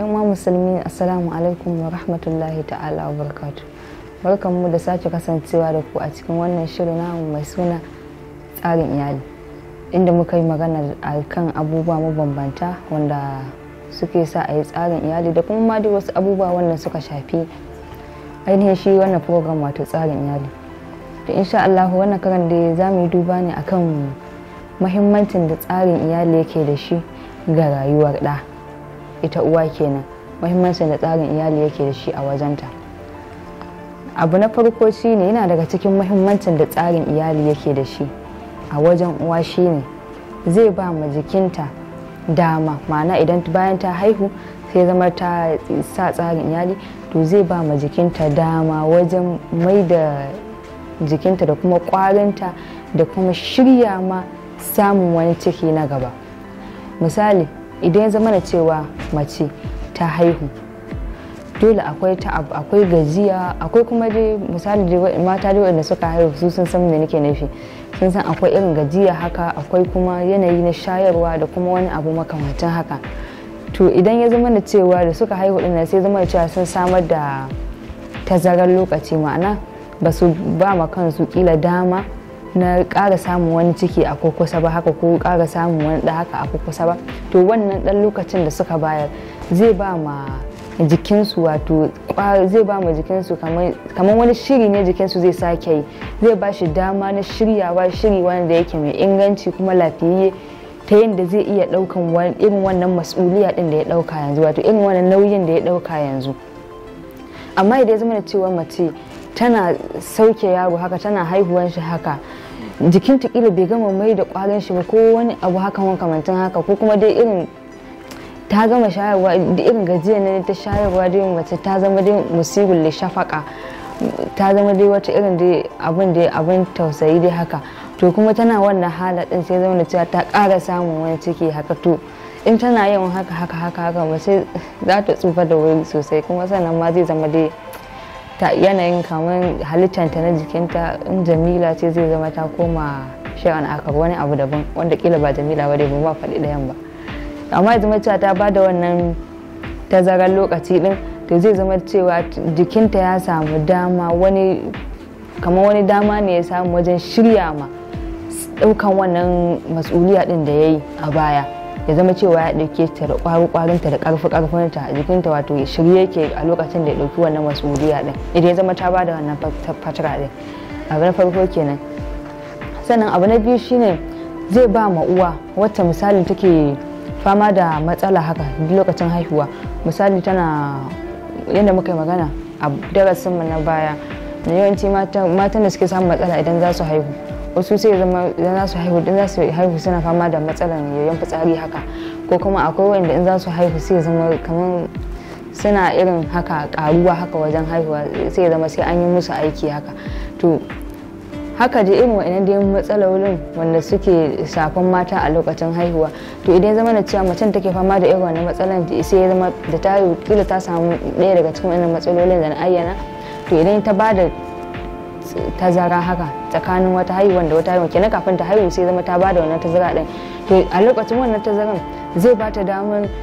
yan ma musulmi assalamu alaikum wa rahmatullahi ta'ala wa barakatu barkan mu da sake kasancewa da ku a cikin wannan shirin namu mai suna tsarin iyali inda muka yi magana a kan abubuwa mabambanta wanda suke sa a yi tsarin iyali da kuma madi wasu abubuwa wanda suka shafi ainihin shi wannan program wato tsarin iyali to insha Allah wannan karan da za mu yi duba ne akan muhimmancin da tsarin iyali yake da shi ga rayuwar ɗa. ita uwa kenan muhimmancin da tsarin iyali yake da shi a wajenta abu na farko shine yana daga cikin muhimmancin da tsarin iyali yake da shi a wajen uwa shine zai ba ma jikinta dama ma'ana idan bayan ta haihu sai zama ta sa tsarin iyali to zai ba ma jikinta dama wajen mai da jikinta da kuma kwarinta da kuma shirya ma samun wani ciki na gaba misali idan ya zama na cewa mace ta haihu dole akwai ta'ab akwai gajiya akwai kuma dai misali mata dai waɗanda suka haihu su sun san me nake nufi sun san akwai irin gajiya haka akwai kuma yanayi na shayarwa da kuma wani abu makamantan haka to idan ya zama da cewa da suka haihu din sai zama da cewa sun samar da tazarar lokaci ma'ana ba su ba ma kansu kila dama na ƙara samun wani ciki a kusa ba haka ko ƙara samun wani da haka a kusa ba to wannan ɗan lokacin da suka bayar zai ba ma jikinsu wato zai ba ma jikinsu kamar wani shiri ne jikinsu zai sake yi zai ba shi dama na shiryawa shiri wani da yake mai inganci kuma lafiyayye ta yadda zai iya ɗaukan irin wannan mas'uliya ɗin da ya ɗauka yanzu wato irin wannan nauyin da ya ɗauka yanzu amma idan ya zama da cewa mace tana sauke yaro haka tana haihuwan shi haka jikin kila bai gama mai da kwarin shi ba ko wani abu haka makamantan haka ko kuma dai irin ta gama shayarwa da irin gajiya na ta shayarwa dai mace ta zama dai musibin da shafaka ta zama dai wata irin dai abin da abin tausayi dai haka to kuma tana wannan hala din sai zama cewa ta ƙara samun wani ciki haka to in tana yawan haka haka haka haka ba sai za ta tsufa da wuri sosai kuma sannan ma zai zama dai yanayin kamar halittanta na jikinta in jamila ce zai zama ta koma sha'an aka wani abu daban wanda kila ba jamila ba dai ba faɗi ɗayan ba amma yanzu zama ta ba da wannan tazarar lokaci din to zai zama cewa jikinta ya samu dama wani kamar wani dama ne ya samu wajen shirya ma ɗaukan wannan mas'uliya ɗin da ya yi a baya ya zama cewa ya ɗauke ta da ƙwari ƙwarinta da ƙarfi ƙarfinta a jikinta wato ya shirye yake a lokacin da ya ɗauki wannan masuliya ɗin idan ya zama ta ba da wannan fatara ɗin abu na farko kenan sannan abu na biyu shine zai ba ma uwa wata misali take fama da matsala haka duk lokacin haihuwa misali tana yadda muka yi magana a darasin mu na baya yawanci matan da suke samun matsala idan za su haihu wasu sai zama idan za haihu idan za haihu suna fama da matsalar yoyon fitsari haka ko kuma akwai wanda in za su haihu sai zama kamar suna irin haka karuwa haka wajen haihuwa sai zama sai an yi musu aiki haka to haka da irin wa'annan dai matsalolin wanda suke shafan mata a lokacin haihuwa to idan zama na cewa macen take fama da irin wannan matsalan sai zama da ta kila ta samu ɗaya daga cikin wannan matsalolin da na ayyana to idan ta ba da tazara haka tsakanin wata haihuwa da wata haihuwa kenan kafin ta haihu sai zama ta bada wannan tazara din to a lokacin wannan tazaran zai bata damar